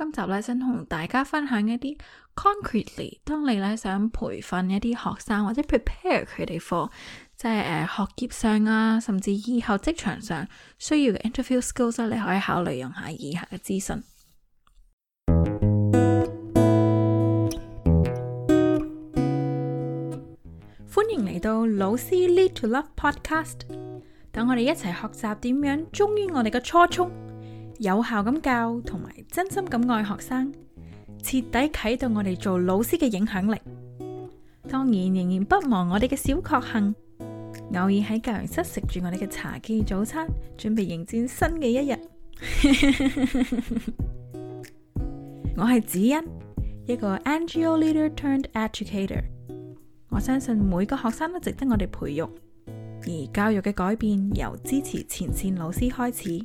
今集咧，想同大家分享一啲 concretely，當你咧想培訓一啲學生或者 prepare 佢哋 f 即係誒學業上啊，甚至以後職場上需要嘅 interview skills 你可以考慮用下以下嘅資訊。歡迎嚟到老師 Lead to Love Podcast，等我哋一齊學習點樣忠於我哋嘅初衷。有效咁教同埋真心咁愛學生，徹底啟動我哋做老師嘅影響力。當然仍然不忘我哋嘅小確幸，偶爾喺教研室，食住我哋嘅茶記早餐，準備迎戰新嘅一日。 我係子欣，一個 NGO Leader turned Educator。Turn ed educ 我相信每個學生都值得我哋培育，而教育嘅改變由支持前線老師開始。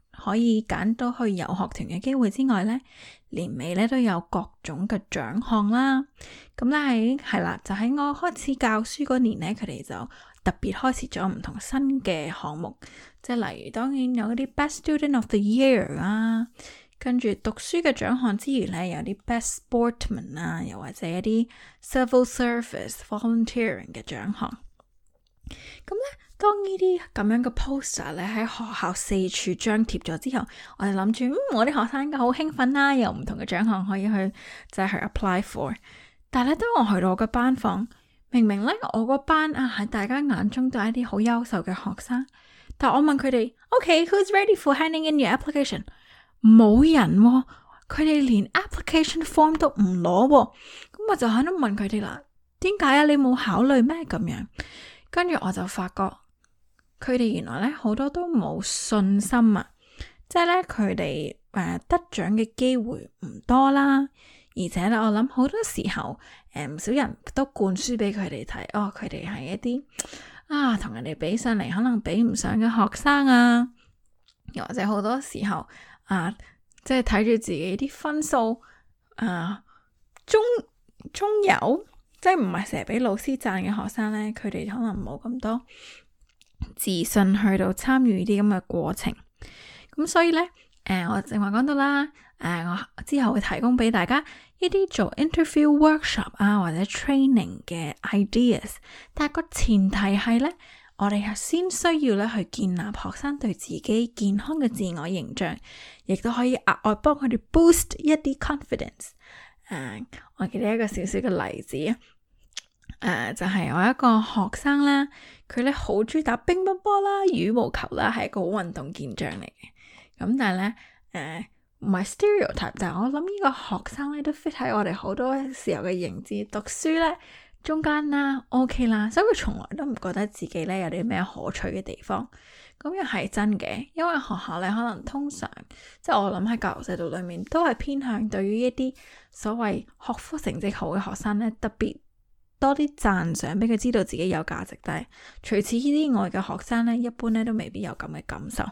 可以揀到去遊學團嘅機會之外呢，年尾呢都有各種嘅獎項啦。咁咧喺係啦，就喺我開始教書嗰年呢，佢哋就特別開始咗唔同新嘅項目，即係例如當然有嗰啲 Best Student of the Year 啊，跟住讀書嘅獎項之餘呢，有啲 Best Sportman 啊，又或者一啲 Civil Service Volunteering 嘅獎項。咁咧。當呢啲咁樣嘅 poster 咧喺學校四處張貼咗之後，我哋諗住，嗯，我啲學生應該好興奮啦，有唔同嘅獎項可以去，就係去 apply for。但係咧，當我去到我嘅班房，明明咧我個班啊喺大家眼中都係一啲好優秀嘅學生，但我問佢哋，OK, who's ready for handing in your application？冇人喎。佢哋連 application form 都唔攞喎。咁我就喺度問佢哋啦，點解啊？你冇考慮咩咁樣？跟住我就發覺。佢哋原來咧好多都冇信心啊，即係咧佢哋誒得獎嘅機會唔多啦，而且咧我諗好多時候誒唔少人都灌輸俾佢哋睇，哦，佢哋係一啲啊同人哋比上嚟可能比唔上嘅學生啊，又或者好多時候啊，即係睇住自己啲分數啊，中中有即係唔係成日俾老師讚嘅學生咧，佢哋可能冇咁多。自信去到參與呢啲咁嘅過程，咁所以呢，誒、呃，我正話講到啦，誒、呃，我之後會提供俾大家一啲做 interview workshop 啊或者 training 嘅 ideas，但係個前提係呢，我哋係先需要咧去建立學生對自己健康嘅自我形象，亦都可以額外幫佢哋 boost 一啲 confidence。誒、呃，我記得一個少少嘅例子。誒，uh, 就係我一個學生啦，佢咧好中意打乒乓波啦、羽毛球啦，係一個好運動健將嚟嘅。咁但係咧，誒、uh, 唔係 stereotype，但係我諗呢個學生咧都 fit 喺我哋好多時候嘅認知。讀書咧中間啦，OK 啦，所以佢從來都唔覺得自己咧有啲咩可取嘅地方。咁又係真嘅，因為學校咧可能通常即係我諗喺教育制度裏面都係偏向對於一啲所謂學科成績好嘅學生咧特別。多啲讚賞俾佢知道自己有價值，但係除此以外嘅學生咧，一般咧都未必有咁嘅感受。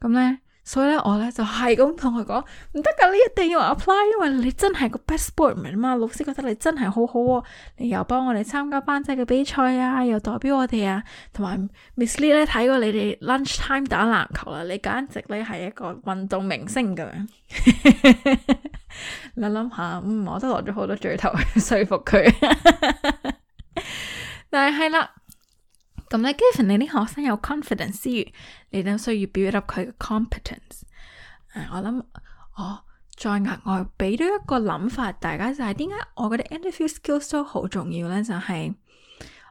咁咧、 嗯。所以咧，我咧就係咁同佢講，唔得噶，你一定要 apply，因為你真係個 best sportsman 嘛。老師覺得你真係好好喎，你又幫我哋參加班際嘅比賽啊，又代表我哋啊，同埋 Miss Lee 咧睇過你哋 lunch time 打籃球啦，啊，你簡直咧係一個運動明星咁樣。你諗下，嗯，我都攞咗好多嘴頭去說服佢。 但係係啦。嗯咁咧 g a v 你啲學生有 confidence，之餘你都需要 build up 佢嘅 competence。誒、uh，我諗我再額外俾多一個諗法，大家就係點解我覺得 interview skills 都好重要咧？就係、是、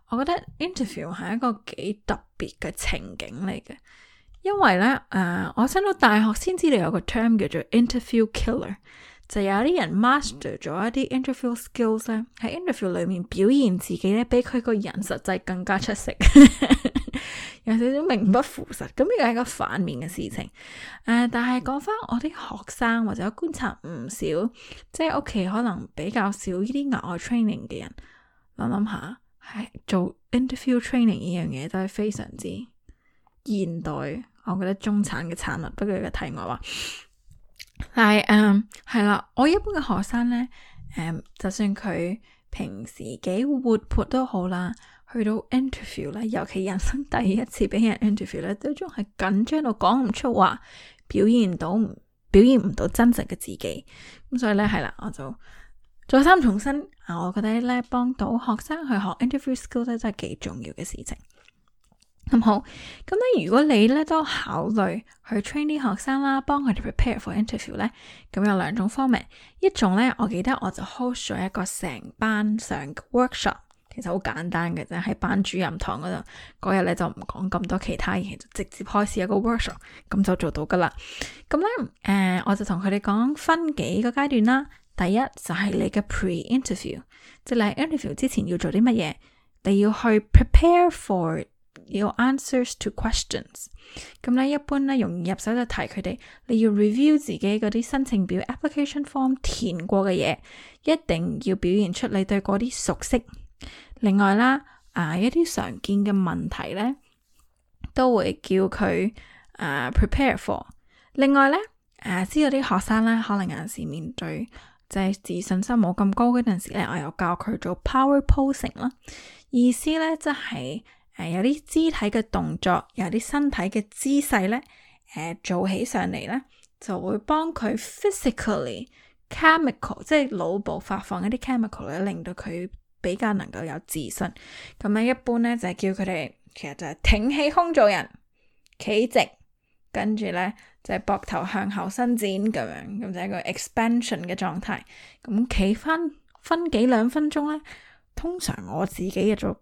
我覺得 interview 係一個幾特別嘅情景嚟嘅，因為咧誒，uh, 我上到大學先知，有個 term 叫做 interview killer。就有啲人 master 咗一啲 interview skills 咧，喺 interview 裏面表現自己咧，比佢個人實際更加出色， 有少少名不符實，咁呢個係個反面嘅事情。呃，但係講翻我啲學生或者觀察唔少，即係屋企可能比較少呢啲額外 training 嘅人，諗諗下係做 interview training 呢樣嘢都係非常之現代，我覺得中產嘅產物。不過佢嘅題外話。係嗯，係啦，我一般嘅學生呢，誒、嗯，就算佢平時幾活潑都好啦，去到 interview 咧，尤其人生第一次俾人 interview 咧，都仲係緊張到講唔出話，表現到表現唔到真實嘅自己，咁所以呢，係啦，我就再三重申，啊，我覺得呢，幫到學生去學 interview skills 咧真係幾重要嘅事情。咁、嗯、好咁咧。如果你咧都考慮去 train 啲學生啦，幫佢哋 prepare for interview 咧，咁有兩種方面。一種咧，我記得我就 host 咗一個成班上 workshop，其實好簡單嘅啫，喺班主任堂嗰度嗰日咧就唔講咁多其他嘢，就直接開始一個 workshop，咁就做到噶啦。咁咧，誒、呃，我就同佢哋講分幾個階段啦。第一就係、是、你嘅 pre-interview，即係 interview inter 之前要做啲乜嘢，你要去 prepare for。要 answers to questions，咁咧一般咧容易入手就提佢哋，你要 review 自己嗰啲申請表 application form 填過嘅嘢，一定要表現出你對嗰啲熟悉。另外啦，啊一啲常見嘅問題咧，都會叫佢啊 prepare for。另外咧，啊知道啲學生咧可能有陣時面對就係、是、自信心冇咁高嗰陣時咧，我又教佢做 power posing 啦，意思咧即係。就是。誒、呃，有啲肢體嘅動作，有啲身體嘅姿勢咧，誒、呃，做起上嚟咧，就會幫佢 physically、chemical，即係腦部發放一啲 chemical 咧，令到佢比較能夠有自信。咁、嗯、樣一般咧就係、是、叫佢哋，其實就係挺起胸做人，企直，跟住咧就係膊頭向後伸展咁樣，咁就係一個 expansion 嘅狀態。咁企翻分幾兩分鐘咧，通常我自己嘅做。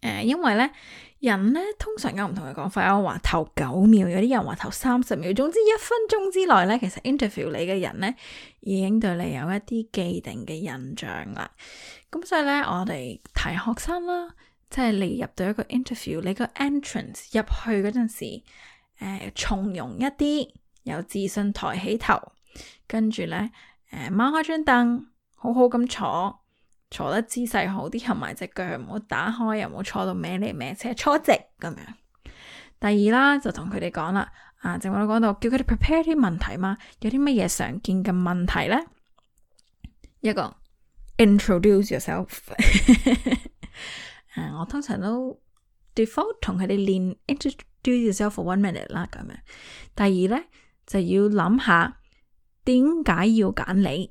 呃、因為咧，人咧通常有唔同嘅講法，我話頭九秒，有啲人話頭三十秒，總之一分鐘之內咧，其實 interview 你嘅人咧，已經對你有一啲既定嘅印象啦。咁、嗯、所以咧，我哋睇學生啦，即係你入到一個 interview，你個 entrance 入去嗰陣時，誒，從容一啲，有自信抬起頭，跟住咧，誒、呃，掹開張凳，好好咁坐。坐得姿勢好啲，同埋隻腳唔好打開，又唔好坐到歪嚟歪斜，坐直咁樣。第二啦，就同佢哋講啦，啊，正如我講到，叫佢哋 prepare 啲問題嘛，有啲乜嘢常見嘅問題咧？一個 introduce yourself， 啊、我通常都 default 同佢哋練 introduce yourself for one minute 啦，咁樣。第二咧就要諗下點解要揀你。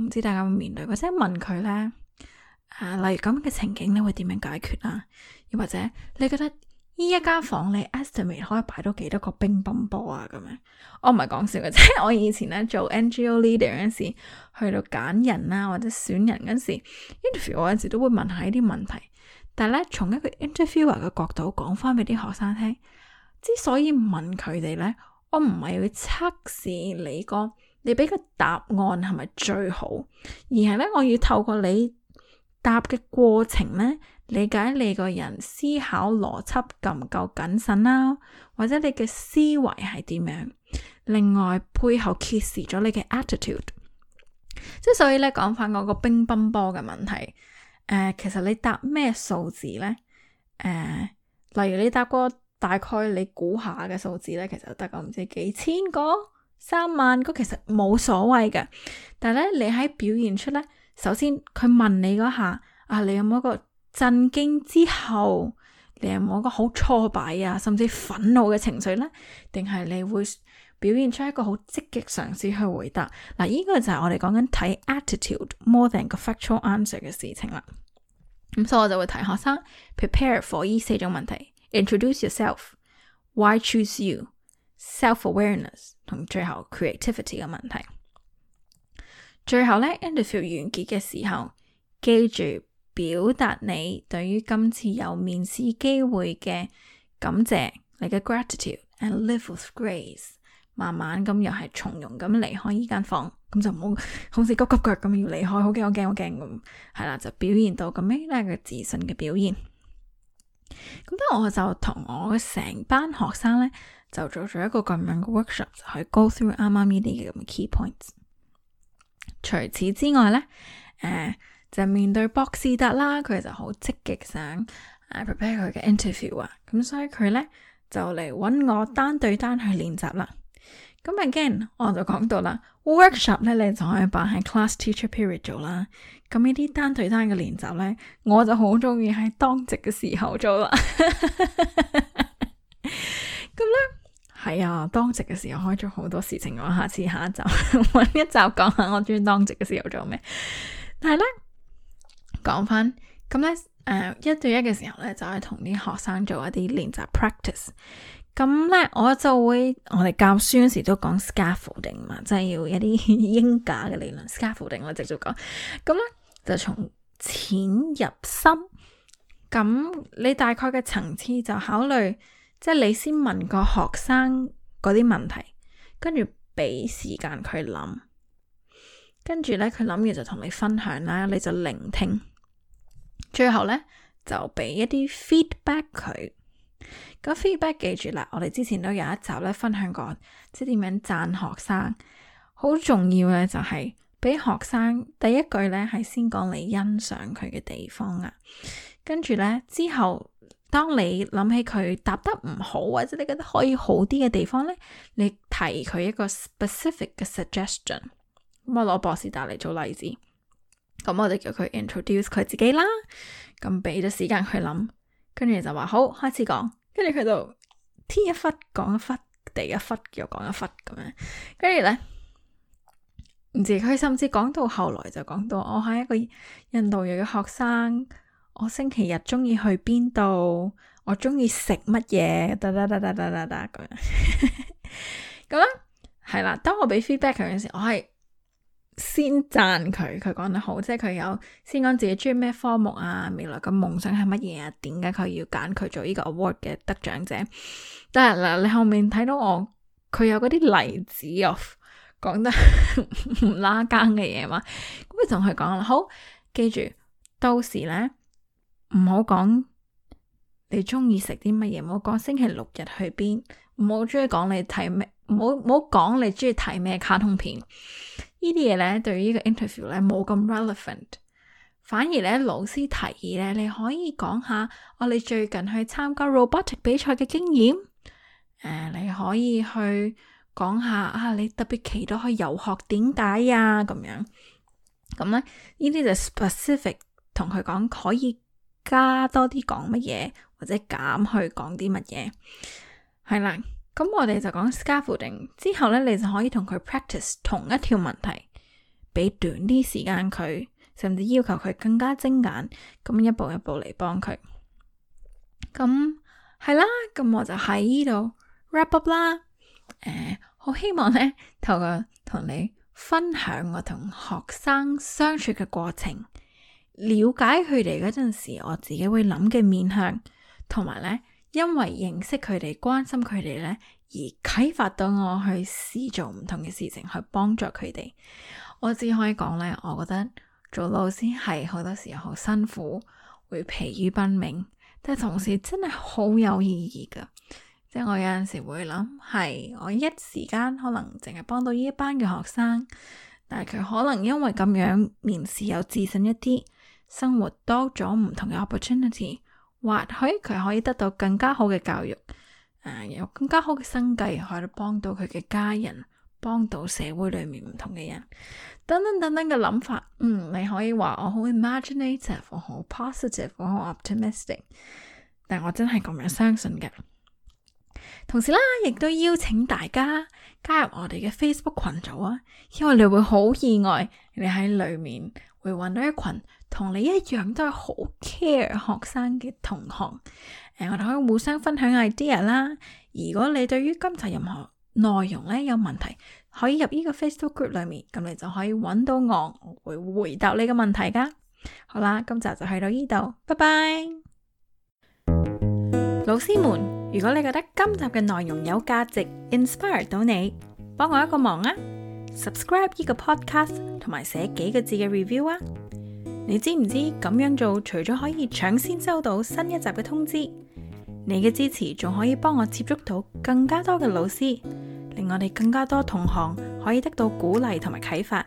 唔知大家會面對或者問佢咧，啊，例如咁嘅情景，你會點樣解決啊？又或者你覺得呢一間房你 estimate 可以擺到幾多個乒乓波啊？咁樣，我唔係講笑嘅，即係我以前咧做 NGO leader 嗰陣時，去到揀人啊或者選人嗰陣時，interview 我有陣時都會問下呢啲問題。但係咧，從一個 interviewer 嘅角度講翻俾啲學生聽，之所以問佢哋咧，我唔係要測試你個。你俾個答案係咪最好？而係咧，我要透過你答嘅過程咧，理解你個人思考邏輯夠唔夠謹慎啦，或者你嘅思維係點樣？另外背後揭示咗你嘅 attitude，即係所以咧，講翻我個乒乓波嘅問題，誒、呃，其實你答咩數字咧？誒、呃，例如你答個大概，你估下嘅數字咧，其實得噶，唔知幾千個。三萬個其實冇所謂嘅。但係咧，你喺表現出咧，首先佢問你嗰下，啊，你有冇一個震驚之後，你有冇一個好挫敗啊，甚至憤怒嘅情緒咧？定係你會表現出一個好積極嘅嘗試去回答？嗱、啊，呢個就係我哋講緊睇 attitude more than 個 factual answer 嘅事情啦。咁、嗯、所以我就會提學生 prepare for 呢四種問題：introduce yourself，why choose you。self-awareness 同最後 creativity 嘅問題，最後呢 interview 完結嘅時候，記住表達你對於今次有面試機會嘅感謝，你嘅 gratitude and live with grace，慢慢咁又係從容咁離開呢間房間，咁就唔好好似急急腳咁要離開，好驚好驚好驚咁係啦，就表現到咁樣嘅自信嘅表現。咁咧，我就同我成班學生呢。就做咗一個咁樣嘅 workshop 就可以 go through 啱啱呢啲嘅咁嘅 key points。除此之外咧，誒、呃，就面對博斯德啦，佢就好積極想、I、prepare 佢嘅 interview 啊，咁所以佢咧就嚟揾我單對單去練習啦。咁 again，我就講到啦，workshop 咧你就可以擺喺 class teacher period 做啦。咁呢啲單對單嘅練習咧，我就好中意喺當值嘅時候做啦。咁 咧。係啊，當值嘅時候開咗好多事情，我下次下 一集揾一集講下我鍾意當值嘅時候做咩。但係咧，講翻咁咧，誒、呃、一對一嘅時候咧，就係同啲學生做一啲練習 practice。咁咧，我就會我哋教書嗰時都講 scaffolding 嘛，即、就、係、是、要一啲英格嘅理論 scaffolding 我直接講。咁咧就從淺入深，咁你大概嘅層次就考慮。即係你先問個學生嗰啲問題，跟住俾時間佢諗，跟住咧佢諗完就同你分享啦，你就聆聽，最後咧就俾一啲 feedback 佢。咁、那個、feedback 記住啦，我哋之前都有一集咧分享過，即係點樣讚學生，好重要嘅就係、是、俾學生第一句咧係先講你欣賞佢嘅地方啊，跟住咧之後。當你諗起佢答得唔好，或者你覺得可以好啲嘅地方呢，你提佢一個 specific 嘅 suggestion。咁我攞博士生嚟做例子，咁我就叫佢 introduce 佢自己啦，咁俾咗時間佢諗，跟住就話好開始講，跟住佢就天一忽講一忽，地一忽又講一忽咁樣，跟住呢，唔知佢甚至講到後來就講到我係一個印度裔嘅學生。我星期日中意去邊度？我中意食乜嘢？得得得得得得，噠咁咁啦，係啦。當我俾 feedback 佢嘅時，我係先讚佢，佢講得好，即係佢有先講自己中意咩科目啊，未來嘅夢想係乜嘢啊？點解佢要揀佢做呢個 award 嘅得獎者？但係嗱，你後面睇到我佢有嗰啲例子啊，講得唔拉更嘅嘢嘛，咁就同佢講啦。好，記住到時咧。唔好講你中意食啲乜嘢，唔好講星期六日去邊，唔好中意講你睇咩，唔好唔好講你中意睇咩卡通片。呢啲嘢咧，對於呢個 interview 咧冇咁 relevant。反而咧，老師提議咧，你可以講下我哋最近去參加 robotic 比賽嘅經驗。誒、呃，你可以去講下啊，你特別期待去遊學點解啊？咁樣咁咧，呢啲就 specific 同佢講可以。加多啲講乜嘢，或者減去講啲乜嘢，係啦。咁我哋就講 scaffolding 之後呢，你就可以同佢 practice 同一條問題，俾短啲時間佢，甚至要求佢更加精簡，咁一步一步嚟幫佢。咁係啦，咁我就喺呢度 wrap up 啦。誒、呃，好希望呢，透過同你分享我同學生相處嘅過程了解佢哋嗰陣時，我自己會諗嘅面向，同埋咧，因為認識佢哋、關心佢哋咧，而啟發到我去試做唔同嘅事情去幫助佢哋。我只可以講咧，我覺得做老師係好多時候好辛苦，會疲於奔命，但係同時真係好有意義噶嗯、即係我有陣時會諗，係我一時間可能淨係幫到呢一班嘅學生，但係佢可能因為咁樣面試有自信一啲。生活多咗唔同嘅 opportunity，或許佢可以得到更加好嘅教育，誒、呃，有更加好嘅生計，可以幫到佢嘅家人，幫到社會裏面唔同嘅人，等等等等嘅諗法。嗯，你可以話我好 imaginative，好 positive，好 optimistic，但我真係咁樣相信嘅。同時啦，亦都邀請大家加入我哋嘅 Facebook 群組啊，因為你會好意外，你喺裏面會揾到一群同你一樣都係好 care 學生嘅同學。誒，我哋可以互相分享 idea 啦。如果你對於今集任何內容呢有問題，可以入呢個 Facebook group 裏面，咁你就可以揾到我，我會回答你嘅問題噶。好啦，今集就去到呢度，拜拜， 老師們。如果你覺得今集嘅內容有價值，inspire 到你，幫我一個忙啊！subscribe 呢個 podcast，同埋寫幾個字嘅 review 啊！你知唔知咁樣做，除咗可以搶先收到新一集嘅通知，你嘅支持仲可以幫我接觸到更加多嘅老師，令我哋更加多同行可以得到鼓勵同埋啟發。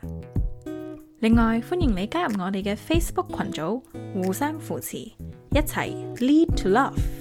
另外，歡迎你加入我哋嘅 Facebook 群組，互相扶持，一齊 lead to love。